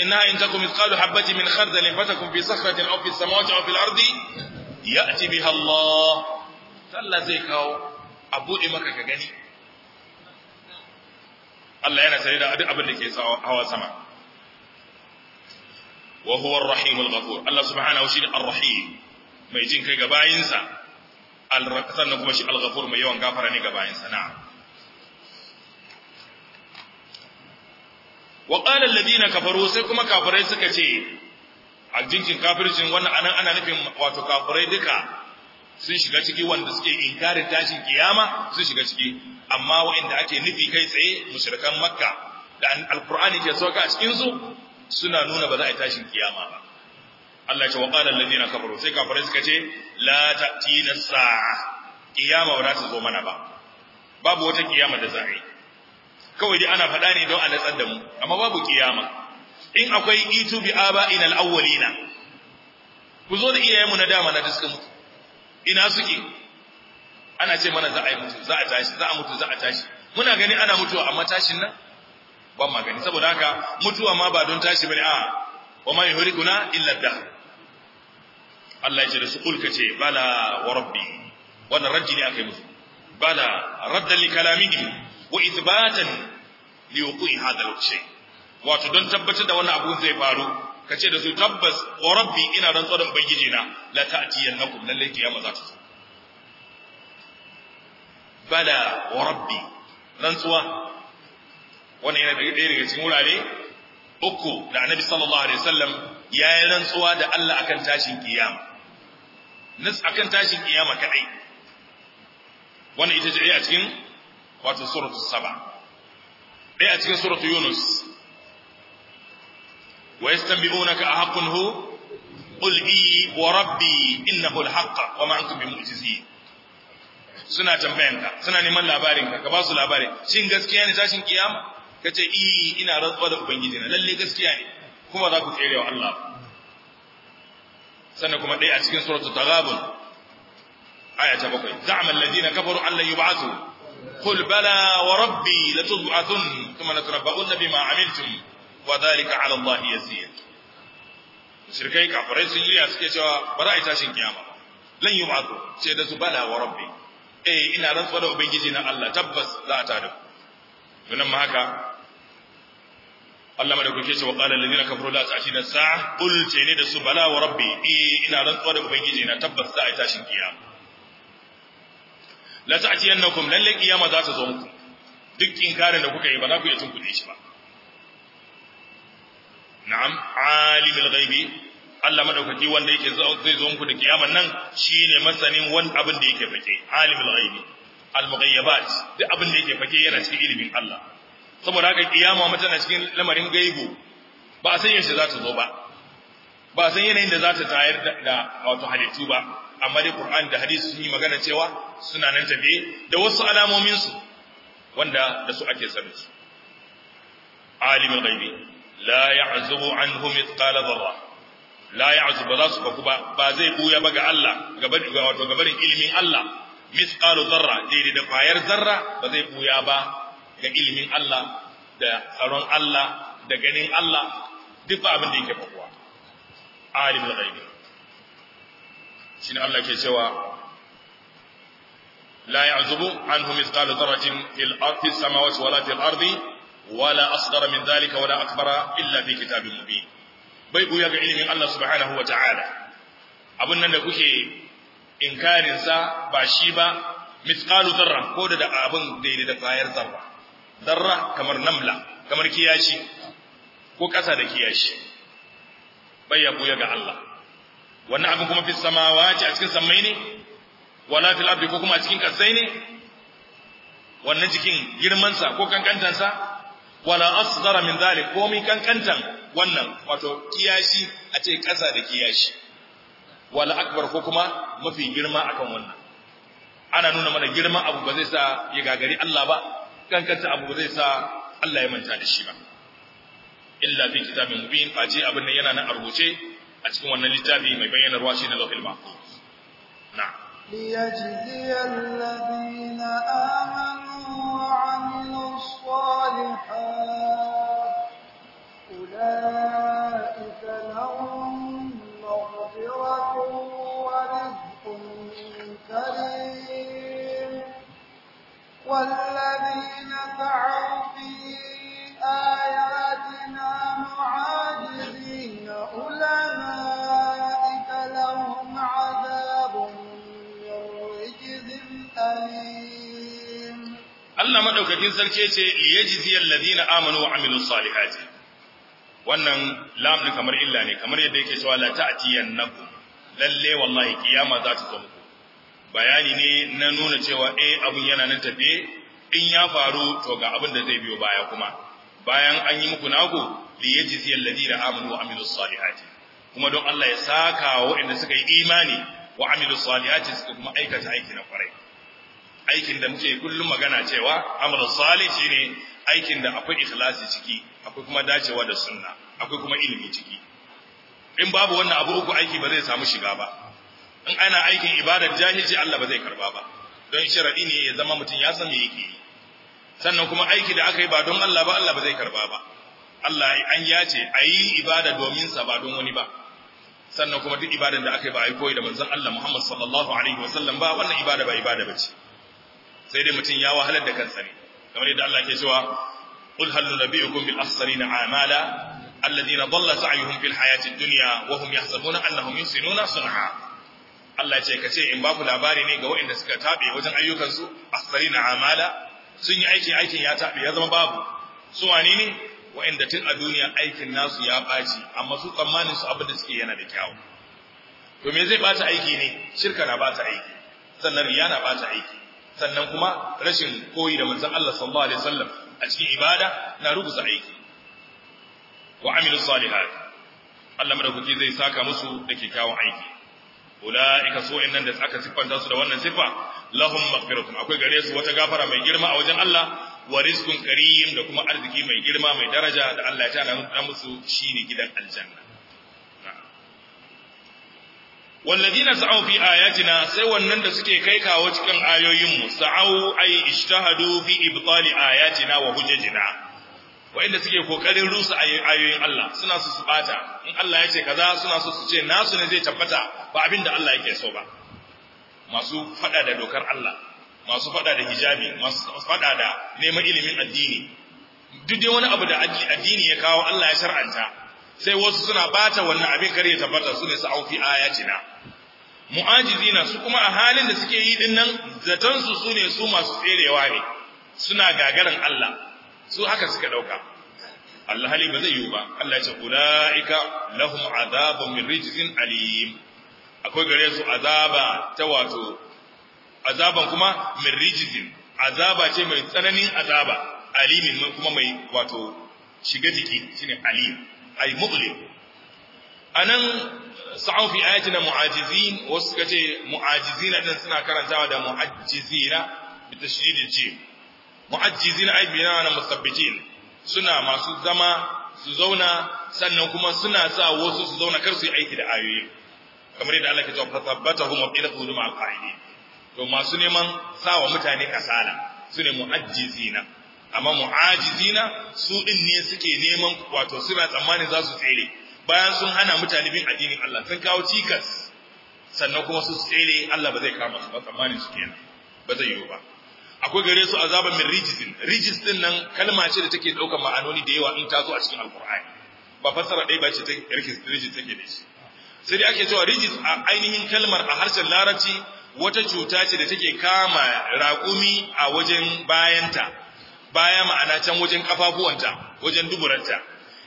انها ان تكم مثقال حبه من خردل فتكم في صخره او في السماوات او في الارض ياتي بها الله صلى زيك او ابو امك كغني الله يانا سيدا ادي ابن دكي ساوا سما وهو الرحيم الغفور الله سبحانه وتعالى الرحيم ما يجين كاي غباينسا sannan kuma shi al mai yawan gafara ne ga bayan sana'a wa qala alladhina kafaru sai kuma kafirai suka ce a jinkin kafircin wannan anan ana nufin wato kafirai duka sun shiga ciki wanda suke inkarin tashin kiyama sun shiga ciki amma waɗanda ake nufi kai tsaye mushrikan makka da alqur'ani ke sauka a cikin su suna nuna ba za a yi tashin kiyama ba Allah ce wa qala alladhina kafaru sai kafirai suka ce la ta'tina sa'a kiyama ba za ta zo mana ba babu wata kiyama da za a yi kawai dai ana faɗa ne don a natsar da mu amma babu kiyama in akwai itu bi aba'ina al-awwalina ku zo da iyayenmu na dama na da suka mutu ina suke ana ce mana za a yi mutu za a tashi za a mutu za a tashi muna gani ana mutuwa amma tashin nan ban magani saboda haka mutuwa ma ba don tashi bane a wa ma yuhrikuna illa dahr Allah ya ce da su kulka ce bala wa rabbi wannan raddi ne akai musu bala raddan li kalamihi wa ithbatan li yuqi hadha al-shay wato don tabbatar da wannan abun zai faru ka ce da su tabbas wa rabbi ina rantsuwa da ubangiji na la ta'tiyannakum lalle kiyama za ta zo bala wa rabbi rantsuwa wannan yana daga daga cikin wurare uku da annabi sallallahu alaihi wasallam yi rantsuwa da Allah akan tashin kiyama nas akan tashin kiyama kadai wannan ita ce ɗaya a cikin wato suratu saba ɗaya a cikin suratu yunus wa yastanbi'unaka ahaqqun hu qul i wa rabbi innahu alhaq wa ma antum bimu'jizin suna tambayanka suna neman labarin ka ba su labarin shin gaskiya ne tashin kiyama kace i ina rantsuwa da ubangiji na lalle gaskiya ne kuma za ku tsere wa Allah sannan kuma ɗaya a cikin suratu taghabun aya ta bakwai za'amal ladina kafaru an lan yub'athu qul bala wa rabbi latub'athun thumma latunabba'unna bima amiltum wa dhalika 'ala allahi yasir shirkai kafirai sun yi suke cewa ba za a yi tashin kiyama lan yub'athu ce da su bala wa rabbi eh ina rantsuwa da ubangiji na Allah tabbas za a tada ku nan ma haka Allah madaukake ce wa qala allazina kafaru la ta'tina sa'a qul ce ne da su bala wa rabbi ina rantsuwa da ubangiji na tabbas za a tashin kiyama la ta'tiyannakum lalle kiyama za ta zo muku duk inkarin da kuka yi ba za ku iya tunkuɗe shi ba na'am alimul ghaibi Allah madaukaki wanda yake zai zo muku da kiyaman nan shine masanin wani abin da yake fake alimul ghaibi al-mughayyabat duk abin da yake fake yana cikin ilimin Allah saboda haka kiyama mata na cikin lamarin gaibu ba a san yaushe za ta zo ba ba a san yanayin da za ta tayar da wato halittu ba amma dai Qur'an da hadisi sun yi magana cewa suna nan tafiye da wasu alamomin su wanda da su ake sani alimul ghaibi la ya'zubu anhu mithqal dharra la ya'zubu ba za su faku ba ba zai buya ba ga Allah gaban wato gabarin ilimin Allah mithqal dharra daidai da fayar zarra ba zai buya ba ga ilimin Allah da tsaron Allah da ganin Allah duk ba abin da yake faruwa alimul ghaibi Shin Allah ke cewa la ya'zubu anhu mithqalu dharratin fil ardi samawati wala fil ardi wala asghara min dhalika wala akbara illa fi kitabin mubin bai buya ga ilimin Allah subhanahu wa ta'ala abun nan da kuke inkarin sa ba shi ba mithqalu dharra ko da abin daidai da kayar zarra darra kamar namla kamar kiyashi ko ƙasa da kiyashi bai ya ga Allah wannan abin kuma fi samawati a cikin sammai ne wala fil ardi ko kuma a cikin kasai ne wannan cikin girman sa ko kankantan sa wala asghara min zalik ko mi kankantan wannan wato kiyashi a ce ƙasa da kiyashi wala akbar ko kuma mafi girma akan wannan ana nuna mana girman abu ba zai sa ya gagari Allah ba kankanta abu ba zai sa Allah ya manta da shi ba illa fi kitabin mubin ce abin nan yana nan a rubuce a cikin wannan littafi mai bayyanarwa shine na mahfuz na'am na alladhina amanu wa 'amilus salihati ulai والذين سعوا في آياتنا معاجزين أولئك لهم عذاب من رجز أليم الله مدوكاكين سركيتي ليجزي الذين آمنوا وعملوا الصالحات wannan lam kamar illa ne kamar yadda yake cewa la ta'tiyannakum lalle wallahi kiyama za ta zo muku bayani ne na nuna cewa eh abun yana nan tafe in ya faru to ga abin da zai biyo baya kuma bayan an yi muku naku li yajzi alladhina amanu wa amilu salihati kuma don Allah ya saka inda suka yi imani wa amilu salihati suka kuma aikata aiki na kwarai aikin da muke kullum magana cewa amru salih shine aikin da akwai ikhlasi ciki akwai kuma dacewa da sunna akwai kuma ilimi ciki in babu wannan abu uku aiki ba zai samu shiga ba in ana aikin ibadar jahilci Allah ba zai karba ba don sharadi ne ya zama mutum ya san me yake yi sannan kuma aiki da aka yi ba don Allah ba Allah ba zai karba ba Allah an yace ayi ibada domin sa ba don wani ba sannan kuma duk ibadan da aka yi ba ai koyi da manzon Allah Muhammad sallallahu alaihi wasallam ba wannan ibada ba ibada bace sai dai mutum ya wahalar da kansa ne kamar yadda Allah ke cewa qul hal nabiyukum bil akhsarina a'mala alladhina dhalla sa'yuhum fil hayati ad-dunya wa hum yahsabuna Allah ce ka ce in ba ku labari ne ga waɗanda suka tabe wajen ayyukansu na amala sun yi aiki aiki ya tabe ya zama babu su wani ne waɗanda tun a duniya aikin nasu ya ɓaci amma su tsammanin su abin da suke yana da kyau? to me zai bata aiki ne shirka na bata aiki sannan riya na bata aiki sannan kuma rashin koyi da manzon Allah sallallahu alaihi wasallam a cikin ibada na rubuta aiki wa amilu salihat Allah madaukaki zai saka musu da kyakkyawan aiki ulaika su nan da aka siffanta su da wannan siffa lahum maghfiratun akwai gare su wata gafara mai girma a wajen Allah wa rizqun karim da kuma arziki mai girma mai daraja da Allah ya tana musu shine gidan aljanna walladina sa'u fi ayatina sai wannan da suke kai kawo cikin ayoyinmu sa'u ai ishtahadu fi ibtali ayatina wa hujajina wa'inda suke kokarin rusa ayoyin Allah suna su su bata in Allah ya ce kaza suna so su ce nasu ne zai tabbata ba abin da Allah yake so ba masu fada da dokar Allah masu fada da hijabi masu fada da neman ilimin addini duk dai wani abu da addini ya kawo Allah ya shar'anta sai wasu suna bata wannan abin kare tabbata su ne su aufi ayatina mu'ajizina su kuma a halin da suke yi din nan zaton su sune su masu tserewa ne suna gagarin Allah su haka suka dauka Allah hali ba zai yiwu ba Allah ya ce ulaika lahum azabun min rijzin alim akwai gare su azaba ta wato azaban kuma min rijzin azaba ce mai tsananin azaba alimin kuma mai wato shiga jiki shine alim ay mudlim anan sa'u fi ayatina mu'ajizin wasu kace mu'ajizina din suna karantawa da mu'ajizina bi tashdidil jim mu'ajjizin ay binana musabbitin suna masu zama su zauna sannan kuma suna sa wasu su zauna kar su yi aiki da ayoyi kamar yadda Allah ke cewa fatabbatahum wa qila al qa'idin to masu neman sawa mutane kasala sune mu'ajjizina amma mu'ajizina su din ne suke neman wato suna tsammanin za su tsere bayan sun hana mutane bin addinin Allah sun kawo cikas sannan kuma su tsere Allah ba zai kama su ba tsammanin su kenan ba zai yiwu ba akwai gare su azaban min rijisin rijisin nan kalma ce da take ɗaukar ma'anoni da yawa in ta zo a cikin alqur'ani ba fassara ɗaya ba ce ta rijis take da shi sai dai ake cewa rijis a ainihin kalmar a harshen larabci wata cuta ce da take kama raƙumi a wajen bayanta baya ma'ana can wajen kafafuwanta wajen duburanta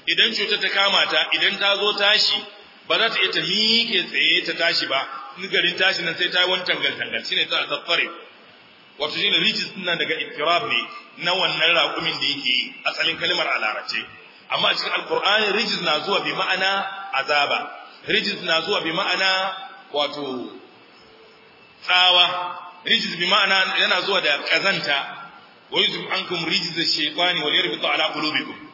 idan cutar ta kama ta idan ta zo tashi ba za ta iya ta miƙe tsaye ta tashi ba garin tashi nan sai ta yi wani tangal tangal shine ta zaffare wato shine rijis din nan daga iktirab ne na wannan raƙumin da yake yi asalin kalmar a larabce amma a cikin alqur'ani rijis na zuwa bi ma'ana azaba rijis na zuwa bi ma'ana wato tsawa rijis bi ma'ana yana zuwa da kazanta wa yuzib ankum rijis ash-shaytani wa yarbitu ala qulubikum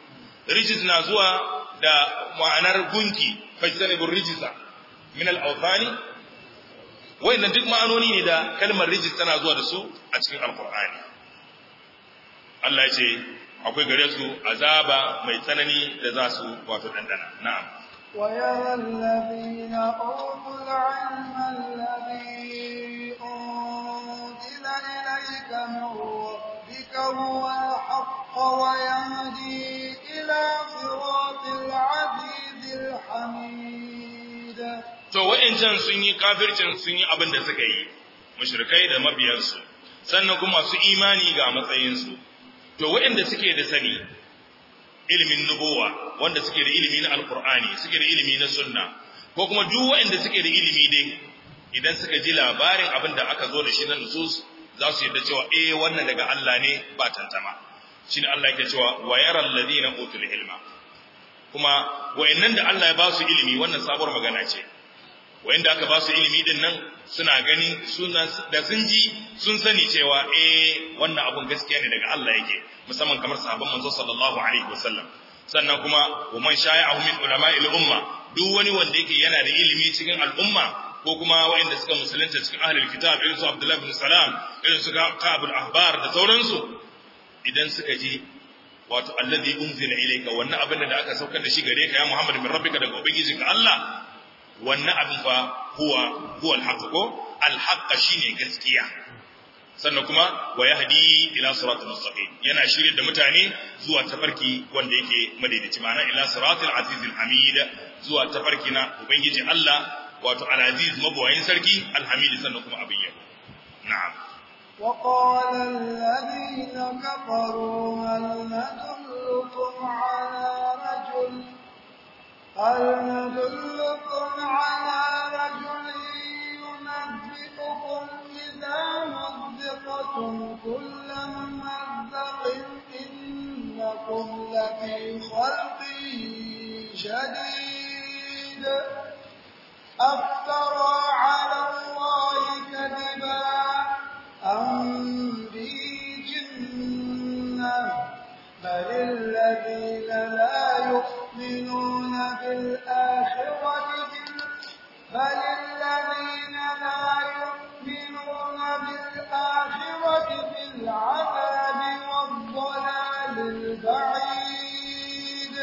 rijis na zuwa da ma'anar gunki fajtanibur rijisa min al-awthani wayannan duk ma'anoni ne da kalmar rijis tana zuwa da su a cikin alkur'ani Allah ya ce akwai gare su azaba mai tsanani da za su wato dandana na'am ويرى الذين أوتوا العلم الذي أنزل إليك من ربك هو الحق ويهدي إلى صراط العزيز الحميد to wa'incan sun yi kafircin sun yi abin da suka yi mushrikai da mabiyansu sannan kuma su imani ga matsayinsu to wa'inda suke da sani ilimin nubuwa wanda suke da ilimi na alkur'ani suke da ilimi na sunna ko kuma duk wa'inda suke da ilimi dai idan suka ji labarin abin da aka zo da shi na nusus za su yarda cewa eh wannan daga Allah ne ba tantama shine Allah yake cewa wa yaral ladina utul ilma kuma wa'annan da Allah ya ba su ilimi wannan sabuwar magana ce wa'inda aka ba su ilimi din nan suna gani suna da sun ji sun sani cewa eh wannan abun gaskiya ne daga Allah yake musamman kamar sahabban manzo sallallahu alaihi wasallam sannan kuma wa man sha'a'ahu min al umma duk wani wanda yake yana da ilimi cikin al'umma ko kuma wa'inda suka musulunta cikin ahlul kitab irin su Abdullah ibn Salam irin su Ka'ab al-Ahbar da sauransu idan suka ji wato alladhi unzila ilayka wannan abin da aka saukar da shi gare ka ya Muhammad min rabbika daga ubangijinka Allah wannan abin fa huwa huwa al ko al shine gaskiya sannan kuma wa yahdi ila siratal mustaqim yana shirye da mutane zuwa tafarki wanda yake madaidaici ma'ana ila siratal azizil hamid zuwa tafarki na ubangiji Allah wato al-aziz mabawayin sarki al-hamid sannan kuma abin yabo na'am وقال الذين كفروا هل ندلكم على ندلكم على رجل إذا مزقتم كل إنكم لفي خلق شديد أفترى على الله كذبا لا يؤمنون بالآخرة في العذاب والضلال البعيد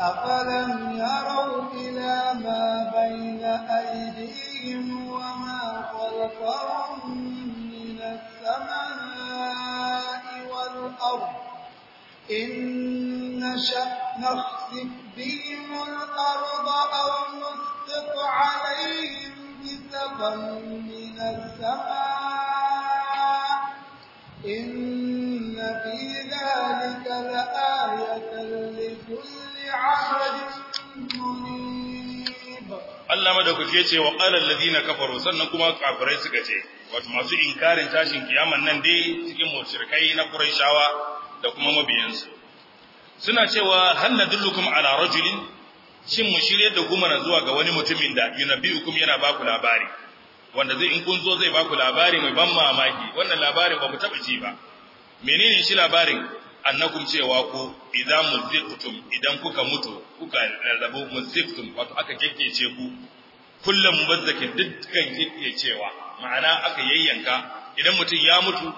أفلم يروا إلى ما بين أيديهم وما خلفهم من السماء والأرض إن شَأْنَ نخسف بهم الأرض أو نسقط عليهم كسفا من السماء إن في ذلك لآية لكل عبد Allah madaukaki ya ce wa qalal ladina kafaru sannan kuma kafirai suka ce wato masu inkarin tashin kiyaman nan dai cikin mushrikai na Qurayshawa da kuma mabiyansu suna cewa hal nadullukum ala rajulin shin mu shirye da gumana zuwa ga wani mutumin da yunabbiukum yana ba ku labari wanda zai in kun zo zai ba ku labari mai ban mamaki wannan labarin ba mu taba ji ba menene shi labarin annakum cewa ku idza muziqtum idan kuka mutu kuka rarrabu muziqtum wato aka kekkece ku kullum mubazzakin dukkan kekkecewa ma'ana aka yayyanka idan mutum ya mutu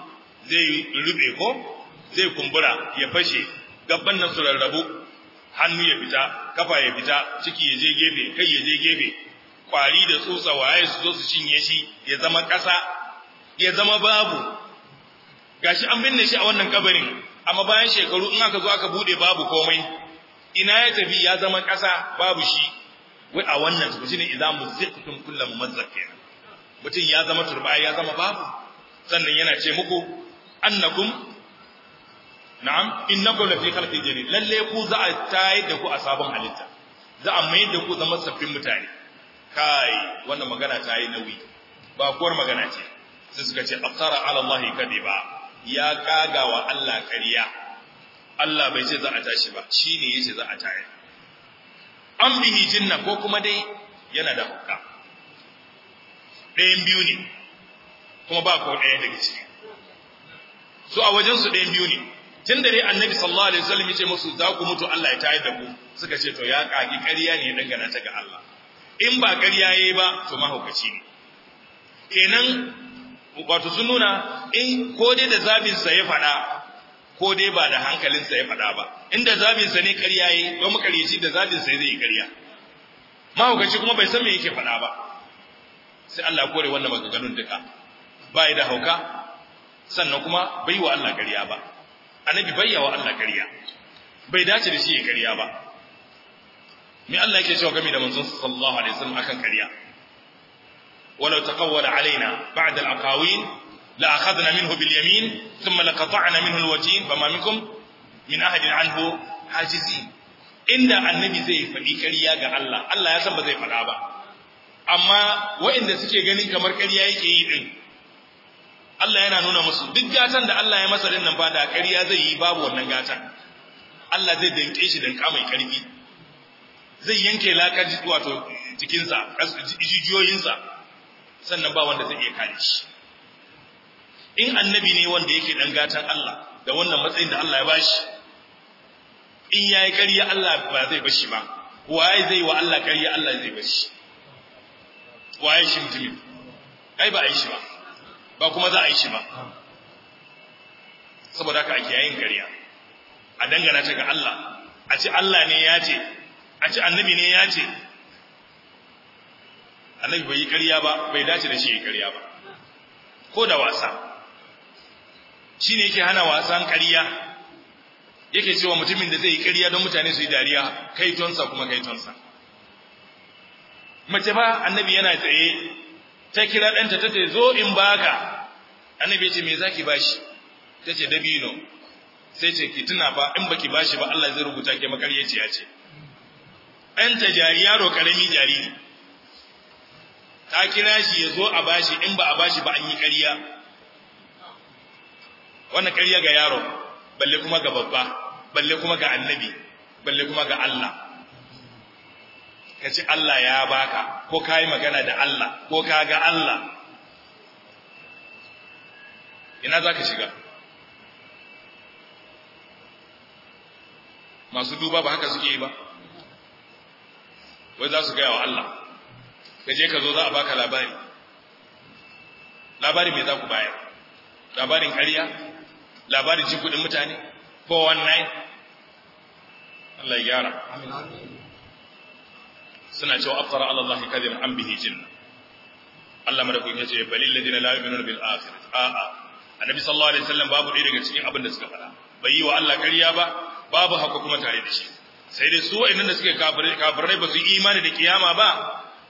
zai rube ko zai kumbura ya fashe gabban nan su rarrabu hannu ya fita kafa ya fita ciki ya je gefe kai ya je gefe kwari da tsutsa waye su zo su cinye shi ya zama ƙasa ya zama babu gashi an binne shi a wannan kabarin amma bayan shekaru in aka zo aka bude babu komai ina ya tafi ya zama ƙasa babu shi wai a wannan su shine idan muziktum kullu mumazzakin mutum ya zama turba ya zama babu sannan yana ce muku annakum na'am innakum la fi khalqin jadid lalle ku za a tayar da ku a sabon halitta za a mai da ku zama sabbin mutane kai wannan magana ta yi nauyi ba kuwar magana ce sai suka ce aftara ala allahi kadiba ya kagawa Allah kariya Allah bai ce za a tashi ba shine yace za a tayi an bihi jinna ko kuma dai yana da hukka ɗayan biyu ne kuma ba ko ɗaya daga ciki su a wajen su ɗayan biyu ne tun da dai annabi sallallahu alaihi wasallam ya ce musu za ku mutu Allah ya tayar da ku suka ce to ya kaki ƙarya ne ya dangana ta ga Allah in ba ƙarya yayi ba to mahaukaci ne kenan wato sun nuna in ko dai da zabin sa ya faɗa ko dai ba da hankalin sa ya faɗa ba inda zabin sa ne ƙarya yayi don makaryaci da zabin sa zai yi ƙarya mahaukaci kuma bai san me yake faɗa ba sai Allah kore wannan maganganun duka ba da hauka sannan kuma bai wa Allah ƙarya ba annabi bayyawa Allah ƙarya bai dace da shi ya ƙarya ba me Allah yake cewa game da manzon sallallahu alaihi wasallam akan ƙarya walau taqawwala alaina ba'da al-aqawil la akhadna minhu bil yamin thumma laqata'na minhu al-watin fama minkum min ahadin anhu hajizi inda annabi zai faɗi ƙarya ga Allah Allah ya san ba zai faɗa ba amma waɗanda suke ganin kamar ƙarya yake yi din Allah yana nuna musu duk gatan da Allah ya masa din nan ba da ƙarya zai yi babu wannan gatan Allah zai danke shi danka mai ƙarfi zai yanke lakar wato jikinsa jijiyoyinsa sannan ba wanda zai iya kare shi in annabi ne wanda yake dan gatan Allah da wannan matsayin da Allah ya bashi in yayi ƙarya Allah ba zai bashi ba waye zai wa Allah ƙarya Allah zai bashi waye shi mutumin ai ba a yi shi ba ba kuma za a yi shi ba saboda haka ake yayin karya, a dangana ta ga Allah a ce Allah ne ya ce a ce annabi ne ya ce annabi bai yi karya ba bai dace da shi yi kariya ba ko da wasa shi ne yake hana wasan karya yake cewa mutumin da zai yi karya don mutane su yi dariya kaitonsa kuma kaitonsa mace ba annabi yana tsaye ta kira ɗanta ta ce zo in baka annabi ce me zaki bashi ta ce dabino sai ce ki tuna fa in baki bashi ba Allah zai rubuta ke makaryaci ya ce ɗanta jari yaro karami jariri ta kira shi ya zo a bashi in ba a bashi ba an yi ƙarya wannan ƙarya ga yaro balle kuma ga babba balle kuma ga annabi balle kuma ga Allah ka ci Allah ya baka ko ka yi magana da Allah ko ka ga Allah ina za ka shiga masu duba ba haka suke yi ba wai za su gaya wa Allah ka je ka zo za a baka labari labari mai za ku bayar labarin ƙarya labarin cikudin mutane 419 Allah ya gyara suna cewa aftara ala Allah kadhib an bihi jinna Allah madaukakin ya ce balil ladina la yu'minuna bil akhir a'a annabi sallallahu alaihi wasallam babu ɗaya daga cikin abin da suka faɗa bai yi wa Allah ƙarya ba babu haka kuma tare da shi sai dai su wa'annan da suke kafirai ba su yi imani da kiyama ba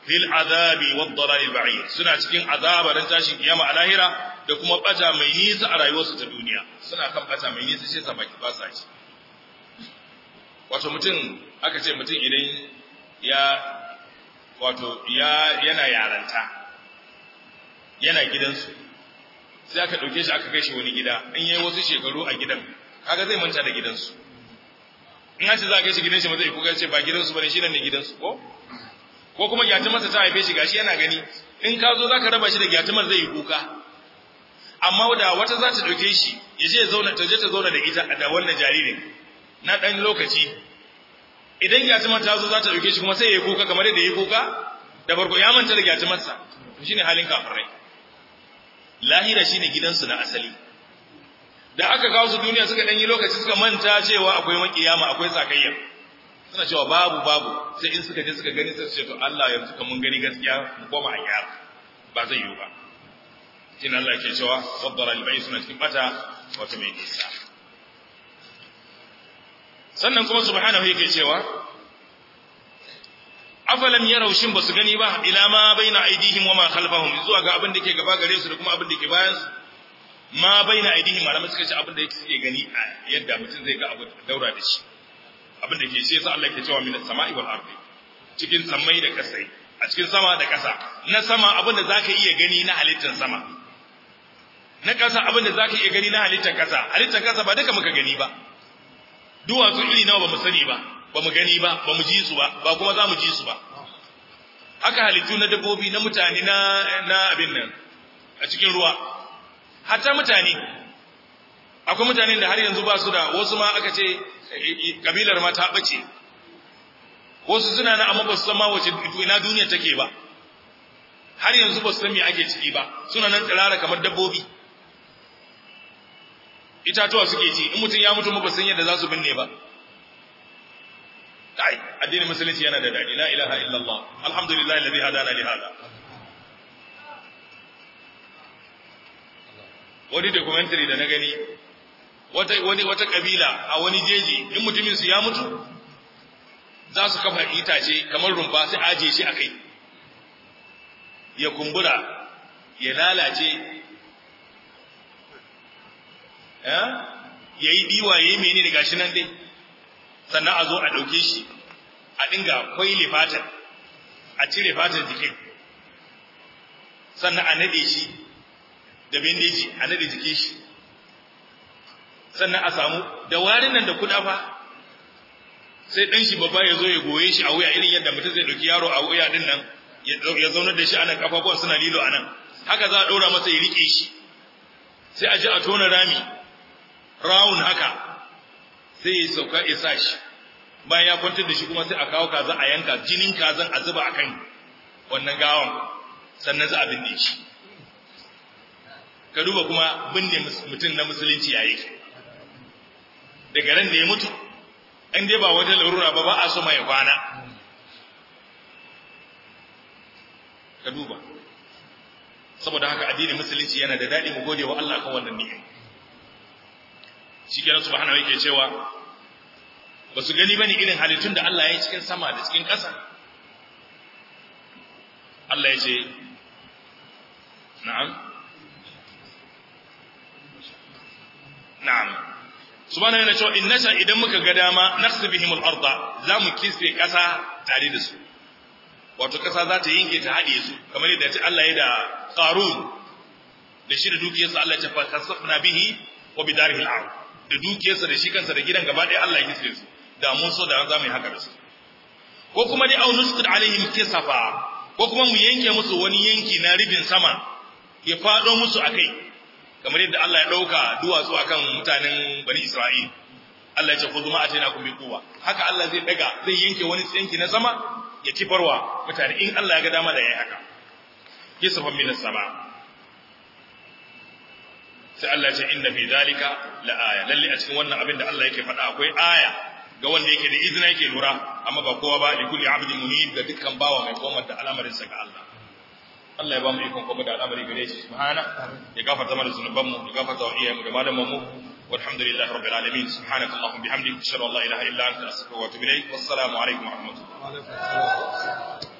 fil azabi wad dalalil ba'id suna cikin azaba ran tashin kiyama a lahira da kuma bata mai nisa a rayuwarsu ta duniya suna kan bata mai nisa sai sa baki ba sa ci wato mutum aka ce mutum idan ya wato ya yana yaranta yana gidansu sai aka ɗauke shi aka kai shi wani gida in yayi wasu shekaru a gidan kaga zai manta da gidansu in an ce za a kai shi gidansu ma zai kuka ce ba gidansu bane shi ne gidansu ko ko kuma gyatumarsa ta haife shi gashi yana gani in ka zo za ka raba shi da gyatumar zai yi kuka amma da wata za ta ɗauke shi ya zauna, ta je ta zauna da ita da wannan jaririn na ɗan lokaci idan gyatumar ta zo za ta ɗauke shi kuma sai ya kuka kamar yadda ya kuka da farko ya manta da gyatumarsa to shine halin kafirai lahira shine gidansu na asali da aka kawo su duniya suka ɗan yi lokaci suka manta cewa akwai makiyama akwai sakayya suna cewa babu babu sai in suka je suka gani sai su ce to Allah ya tuka mun gani gaskiya mu koma a yar ba zai yiwu ba shine Allah yake cewa saddara al suna cikin bata wato mai nisa sannan kuma subhanahu yake cewa afalam yarau shin basu gani ba ila ma baina aidihim wa ma khalfahum zuwa ga abin da yake gaba gare su da kuma abin da yake bayan su ma baina aidihim malamai suka ce abin da yake suke gani yadda mutum zai ga abu daura da shi abin da ke ce sai Allah yake cewa as sama'i wal ardi cikin sammai da kasai a cikin sama da kasa na sama abin da zaka iya gani na halittar sama na kasa abin da zaka iya gani na halittar kasa halittar kasa ba duka muka gani ba duwatsu iri nawa bamu sani ba bamu gani ba bamu ji su ba ba kuma za mu ji su ba aka halittu na dabbobi na mutane na na abin nan a cikin ruwa hatta mutane akwai mutanen da har yanzu ba su da wasu ma aka ce kabilar ma ta bace wasu suna na amma ba su san ma wace ina duniya take ba har yanzu ba su san me ake ciki ba suna nan tsirara kamar dabbobi itatuwa suke ci in mutum ya mutu muka ba san yadda za su binne ba kai addinin musulunci yana da dadi la ilaha illallah alhamdulillah alladhi hadana li hada wani documentary da na gani wata wani wata kabila a wani jeji in mutumin su ya mutu za su kafa itace kamar rumfa sai aje shi akai ya kumbura ya lalace Eh? ya yi diwa ya yi mene da gashi nan dai sannan a zo a ɗauke shi a dinga kwai lefatar a cire fatar jikin sannan a naɗe shi da bandeji a naɗe jikin shi sannan a samu da warin nan da kuɗa fa sai ɗan shi babba ya zo ya goye shi a wuya irin yadda mutum zai ɗauki yaro a wuya ɗin nan ya zaunar da shi a nan ƙafafuwan suna lilo a nan haka za a ɗora masa ya riƙe shi sai a ji a tona rami rawun haka sai ya sauka ya sa shi bayan ya kwantar da shi kuma sai a kawo kaza a yanka jinin kazan a zuba a kan wannan gawan sannan za a binne shi ka duba kuma binne mutum na musulunci ya yi, daga ran da ya mutu an dai ba wata larura ba ba a so mai kwana ka duba saboda haka addinin musulunci yana da daɗi mu gode wa Allah kan wannan ni'ima Cikin kenan subhanahu yake cewa ba su gani bane irin halittun da Allah ya yi cikin sama da cikin ƙasa Allah ya ce na'am na'am subhanahu yana cewa in nasha idan muka ga dama naqsi bihim al-ardh za mu kisbe ƙasa tare da su wato ƙasa za ta yinke ta haɗe su kamar yadda ce Allah ya da qarun da shi da dukiyarsa Allah ya ce fa kasafna bihi wa bidarihi al-ardh da dukiyarsa da shi kansa da gidan gaba ɗaya Allah ya su da mun so da za mu yi haka da su ko kuma dai aunus kud alaihim kisafa ko kuma mu yanke musu wani yanki na ribin sama ya faɗo musu akai kamar yadda Allah ya ɗauka duwatsu akan mutanen bani Isra'il Allah ya ce kudu a ataina kun bi kowa. haka Allah zai daga zai yanke wani yanki na sama ya kifarwa mutane in Allah ya ga dama da yayi haka kisafan minas sama sai Allah ya ce inna fi zalika la aya lalle a cikin wannan abin da Allah yake faɗa akwai aya ga wanda yake da izina yake lura amma ba kowa ba li kulli abdin munib ga dukkan bawa mai komar da al'amarin sa ga Allah Allah ya ba mu ikon kuma da al'amari gare shi subhana ya gafarta mana zunuban mu ya gafarta wa iyayen mu da malaman mu walhamdulillahi rabbil alamin subhanakallahumma bihamdika ashhadu an la ilaha illa anta astaghfiruka wa atubu ilaik wassalamu alaikum wa rahmatullahi wa